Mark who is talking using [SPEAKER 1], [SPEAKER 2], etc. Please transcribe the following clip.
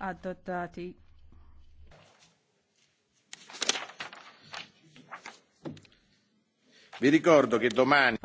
[SPEAKER 1] adottati.
[SPEAKER 2] Vi ricordo che domani...